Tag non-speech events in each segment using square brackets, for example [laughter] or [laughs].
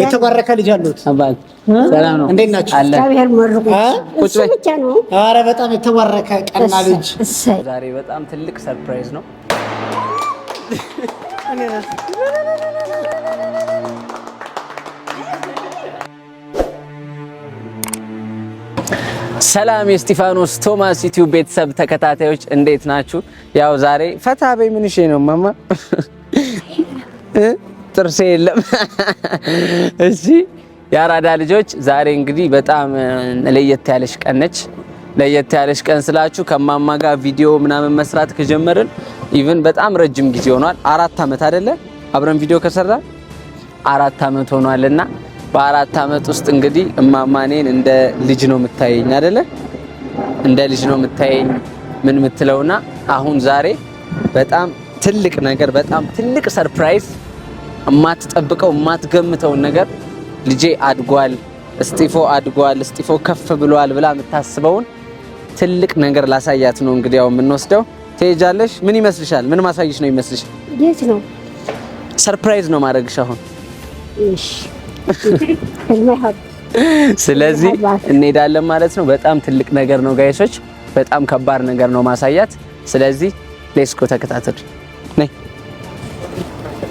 የተባረከ ልጅ አሉት። ሰላም ነው። እንዴት ናችሁ? ብቻ ነው። አረ በጣም የተባረከ ቀና ልጅ። ዛሬ በጣም ትልቅ ሰርፕራይዝ ነው። ሰላም የእስጢፋኖስ ቶማስ ዩቲዩብ ቤተሰብ ተከታታዮች እንዴት ናችሁ? ያው ዛሬ ፈታ በይ ምንሽ ነው ማማ ጥርሴ የለም። [laughs] እሺ የአራዳ ልጆች ዛሬ እንግዲህ በጣም ለየት ያለች ቀን ነች። ለየት ያለች ቀን ስላችሁ ከማማ ጋር ቪዲዮ ምናምን መስራት ከጀመርን ኢቭን በጣም ረጅም ጊዜ ሆኗል። አራት ዓመት አይደለ አብረን ቪዲዮ ከሰራ አራት አመት ሆኗልና በአራት አመት ውስጥ እንግዲህ እማማኔን እንደ ልጅ ነው የምታየኝ አይደለ እንደ ልጅ ነው የምታየኝ ምን ምትለውና አሁን ዛሬ በጣም ትልቅ ነገር በጣም ትልቅ ሰርፕራይዝ የማትጠብቀው የማትገምተውን ነገር ልጄ አድጓል፣ እስጢፎ አድጓል፣ እስጢፎ ከፍ ብሏል ብላ የምታስበውን ትልቅ ነገር ላሳያት ነው እንግዲህ ያው የምንወስደው። ትሄጃለሽ። ምን ይመስልሻል? ምን ማሳይሽ ነው ይመስልሽ? የት ነው? ሰርፕራይዝ ነው ማድረግሽ አሁን። [laughs] ስለዚህ እንሄዳለን ማለት ነው። በጣም ትልቅ ነገር ነው ጋይሶች፣ በጣም ከባድ ነገር ነው ማሳያት። ስለዚህ ሌስኮ ተከታተል ነይ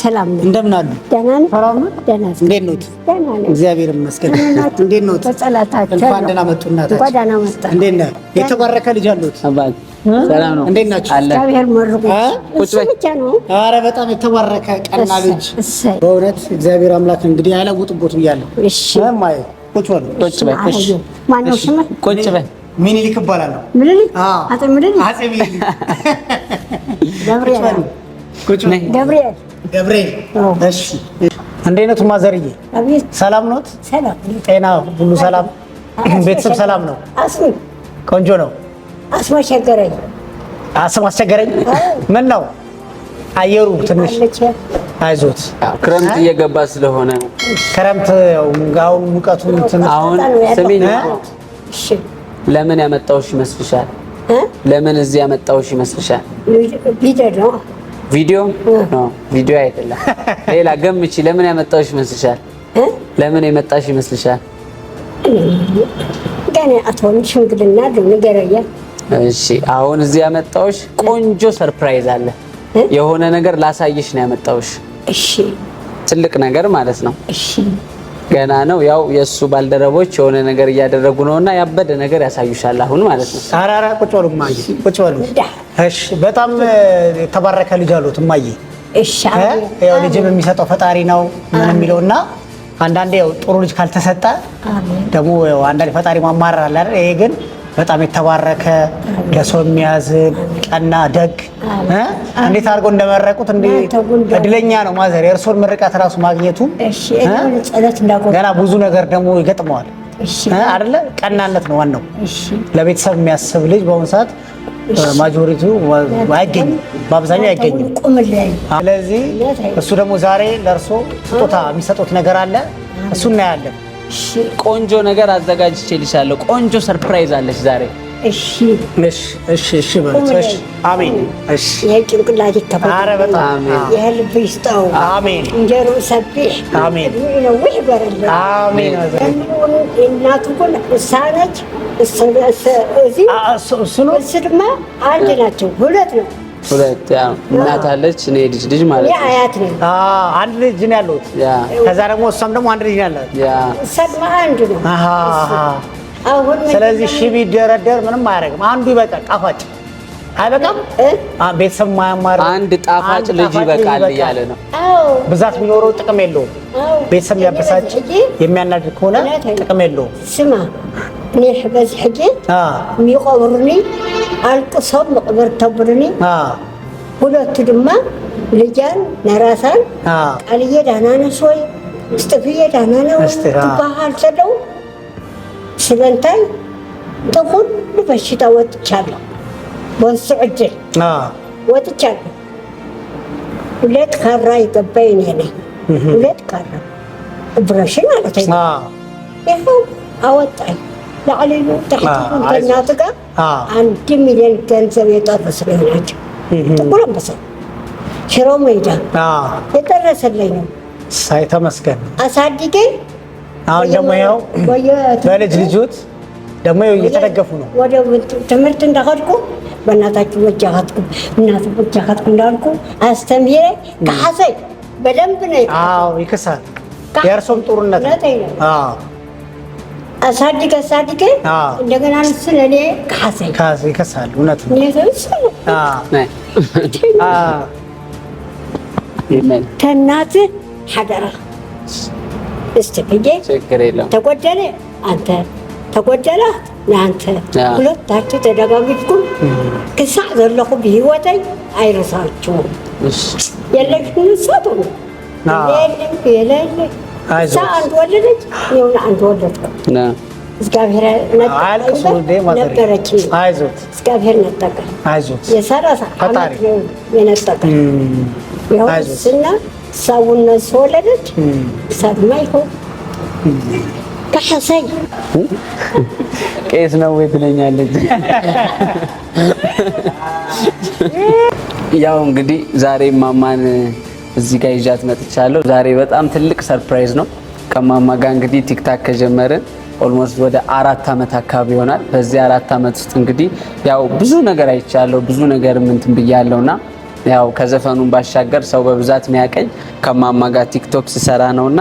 ሰላም ነው። እንደምን አሉ? ደህና ነው። ሰላም ነው። ደህና ነው። እንዴት ነው? ደህና ነው። እግዚአብሔር ይመስገን። እንዴት ነው? ተጸላታችሁ። እንኳን ደህና መጡ። እናታችሁ እንኳን ደህና መጣ። እንዴት ነው? የተባረከ ልጅ አሉት። ሰላም ነው። እንዴት ናችሁ? እግዚአብሔር መርቁ። ኧረ በጣም የተባረከ ቀና ልጅ በእውነት እግዚአብሔር አምላክ እንግዲህ አይለውጥቦት ብያለሁ። እሺ። ማይ ቁጭ በል። ቁጭ በይ። እሺ። ማነው ስምህ? ቁጭ በል። ምኒልክ እባላለሁ። ምኒልክ? አዎ፣ አፄ ምኒልክ ገብርኤል ገብርኤል እሺ፣ እንዴት ነቱ ማዘርዬ? ሰላም ኖት? ጤና ሁሉ ሰላም? ቤተሰብ ሰላም ነው? ቆንጆ ነው። አስም አስቸገረኝ። አስም አስቸገረኝ። ምን ነው አየሩ ትንሽ አይዞት፣ ክረምት እየገባ ስለሆነ ክረምት አሁን ሙቀቱ አሁን ስሚ፣ ለምን ያመጣውሽ ይመስልሻል? ለምን እዚህ ያመጣሁሽ ይመስልሻል? ቪዲዮ ነው፣ ቪዲዮ አይደለም። ሌላ ገምቺ። ለምን ያመጣሁሽ ይመስልሻል? ለምን የመጣሽ ይመስልሻል? ገና ግን እሺ፣ አሁን እዚህ ያመጣሁሽ ቆንጆ ሰርፕራይዝ አለ። የሆነ ነገር ላሳይሽ ነው ያመጣሁሽ። እሺ፣ ትልቅ ነገር ማለት ነው። እሺ ገና ነው። ያው የእሱ ባልደረቦች የሆነ ነገር እያደረጉ ነው እና ያበደ ነገር ያሳዩሻል አሁን ማለት ነው። ኧረ ኧረ ቁጭ በሉ እማዬ፣ ቁጭ በሉ እሺ። በጣም የተባረከ ልጅ አሉት እማዬ። ያው ልጅም የሚሰጠው ፈጣሪ ነው ምን የሚለው እና አንዳንዴ ያው ጥሩ ልጅ ካልተሰጠ ደግሞ አንዳንዴ ፈጣሪ ማማረር አይደል? ይሄ ግን በጣም የተባረከ ለሰው የሚያዝን ቀና፣ ደግ እንዴት አድርገው እንደመረቁት እድለኛ ነው ማዘር። የእርሶን ምርቃት ራሱ ማግኘቱ ገና ብዙ ነገር ደግሞ ይገጥመዋል አደለ ቀናነት ነው ዋናው። ለቤተሰብ የሚያስብ ልጅ በአሁኑ ሰዓት ማጆሪቱ አይገኝም፣ በአብዛኛው አይገኝም። ስለዚህ እሱ ደግሞ ዛሬ ለእርሶ ስጦታ የሚሰጡት ነገር አለ፣ እሱ እናያለን። ቆንጆ ነገር አዘጋጅቼልሻለሁ። ቆንጆ ሰርፕራይዝ አለች ዛሬ እሺ ነሽ እሺ እሺ ማለት አሜን። እሺ የጭንቅላት ይከፈት። ኧረ በጣም የልብ ይስጠው። አሜን። እንጀሮ ሰፊሽ አሜን። ነው ወይ በረለ አሜን። እናቱ እኮ ሳነች እዚህ ስልማ አንድ ናቸው ሁለት ነው ሁለት እናት አለች። እኔ ልጅ ልጅ ማለት ነው አያት ነኝ። አንድ ልጅ ነው ያለሁት። ከዛ ደግሞ እሷም ደግሞ አንድ ልጅ ነው ያላት። ሰልማ አንድ ነው ስለዚህ ሺ ቢደረደር ምንም አያደርግም። አንዱ ይበቃል። ጣፋጭ አይበቃም። ቤተሰብ ማያማር አንድ ጣፋጭ ልጅ ይበቃል እያለ ነው። ብዛት ቢኖረው ጥቅም የለውም። ቤተሰብ ያበሳጭ የሚያናድድ ከሆነ ጥቅም የለውም። ስማ እኔ በዚህ ሕጂ የሚቆብርኒ አልቅሶም መቅበር ተብርኒ ሁለቱ ድማ ልጃን ነራሳን ቃልዬ ዳናነስ ወይ ስጥፍዬ ዳናነ ነው ትባሃል ዘለው ስበልታይ ተኩሉ በሽታ ወጥቻለሁ። ወንሱ ዕድል ወጥቻለሁ። ሁለት ካራ ይገባይ እኔ ነኝ። ሁለት ካራ ብረሽን ማለት ይኸው አወጣኝ። ላዕሊ ታሕቲ ጋር አንድ ሚሊዮን ገንዘብ የጠረሰ ናቸው። ጥቁር አንበሳ ሽሮ ሜዳ የጠረሰለኝ ነው። ሳይተመስገን አሳድጌ አሁን ደግሞ ያው በልጅ ልጆት ደግሞ እየተደገፉ ነው። ወደ ትምህርት እንዳኸድኩ በእናታችሁ ወጃ ኸድኩ እናቱ ወጃ ኸድኩ እንዳልኩ አስተምዬ ከሐሰይ በደንብ ነው። አዎ ይክሳል። የእርሶም ጥሩነት አዎ አሳድገ አሳድገ እንደገና ንስ ለኔ ከሐሰይ ከሐሰይ ይከሳል። እውነት ነው። አዎ አዎ ተናት ሐደራ እስቲ ተጎደለ አንተ ተጎደለ ንአንተ ሁለታችሁ ተደጋግጅኩም ክሳዕ ዘለኹ ብሂወተይ ኣይረሳችሁም የለሽን ሳት የለን የለለ ሳ አንድ ወለደች ይሁን አንድ ወለድኩ እግዚአብሔር ነበረች እግዚአብሔር ነጠቀ የሰላሳ ዓመት የነጠቀ ይሁን ስና ሰውነት ስወለደች ሰማይሁ ከሐሰይ ቄስ ነው ወይ ትለኛለች። ያው እንግዲህ ዛሬ ማማን እዚህ ጋር ይዣት መጥቻለሁ። ዛሬ በጣም ትልቅ ሰርፕራይዝ ነው። ከማማ ጋር እንግዲህ ቲክታክ ከጀመርን ኦልሞስት ወደ አራት ዓመት አካባቢ ይሆናል። በዚህ አራት ዓመት ውስጥ እንግዲህ ያው ብዙ ነገር አይቻለሁ፣ ብዙ ነገር እንትን ብያለሁና ያው ከዘፈኑን ባሻገር ሰው በብዛት የሚያቀኝ ከማማ ጋር ቲክቶክ ስሰራ ነው እና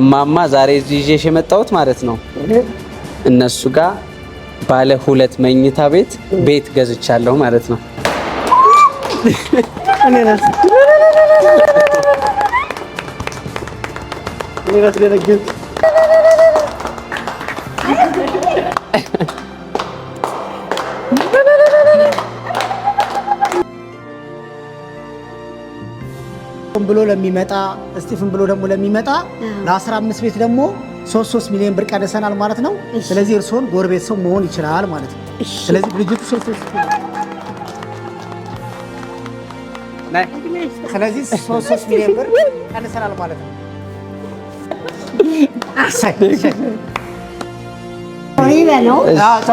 እማማ ዛሬ ይዤሽ የመጣሁት ማለት ነው እነሱ ጋር ባለ ሁለት መኝታ ቤት ቤት ገዝቻለሁ ማለት ነው። [laughs] እስጢፋን ብሎ ለሚመጣ እስጢፍን ብሎ ደግሞ ለሚመጣ ለ15 ቤት ደግሞ 3 3 ሚሊዮን ብር ቀንሰናል ማለት ነው። ስለዚህ እርስዎን ጎረቤት ሰው መሆን ይችላል ማለት ነው። ስለዚህ ድርጅቱ ስለዚህ 3 ሚሊዮን ብር ቀንሰናል ማለት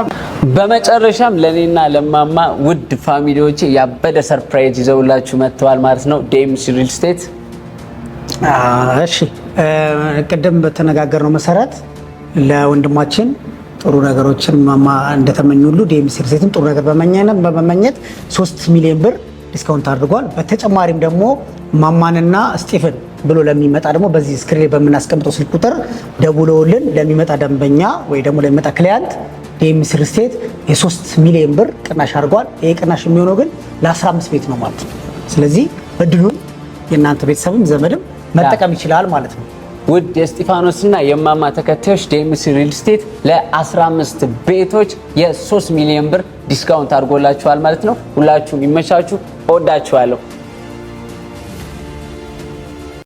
ነው። በመጨረሻም ለእኔና ለማማ ውድ ፋሚሊዎች ያበደ ሰርፕራይዝ ይዘውላችሁ መጥተዋል ማለት ነው። ዴምስ ሪል ስቴት። እሺ ቅድም በተነጋገርነው መሰረት ለወንድማችን ጥሩ ነገሮችን ማማ እንደተመኙ ሁሉ ዴምስ ሪል ስቴትም ጥሩ ነገር በመመኘት ሶስት ሚሊዮን ብር ዲስካውንት አድርጓል። በተጨማሪም ደግሞ ማማንና ስቲፍን ብሎ ለሚመጣ ደግሞ በዚህ ስክሪን በምናስቀምጠው ስልክ ቁጥር ደውለውልን ለሚመጣ ደንበኛ ወይ ደግሞ ለሚመጣ ክሊያንት ዲኤምሲ ሪል ስቴት የ3 ሚሊዮን ብር ቅናሽ አድርጓል። ይህ ቅናሽ የሚሆነው ግን ለ15 ቤት ነው ማለት ነው። ስለዚህ እድሉን የእናንተ ቤተሰብም ዘመድም መጠቀም ይችላል ማለት ነው። ውድ የእስጢፋኖስና የማማ ተከታዮች ዲኤምሲ ሪል ስቴት ለ15 ቤቶች የ3 ሚሊዮን ብር ዲስካውንት አድርጎላችኋል ማለት ነው። ሁላችሁም ይመቻችሁ። እወዳችኋለሁ።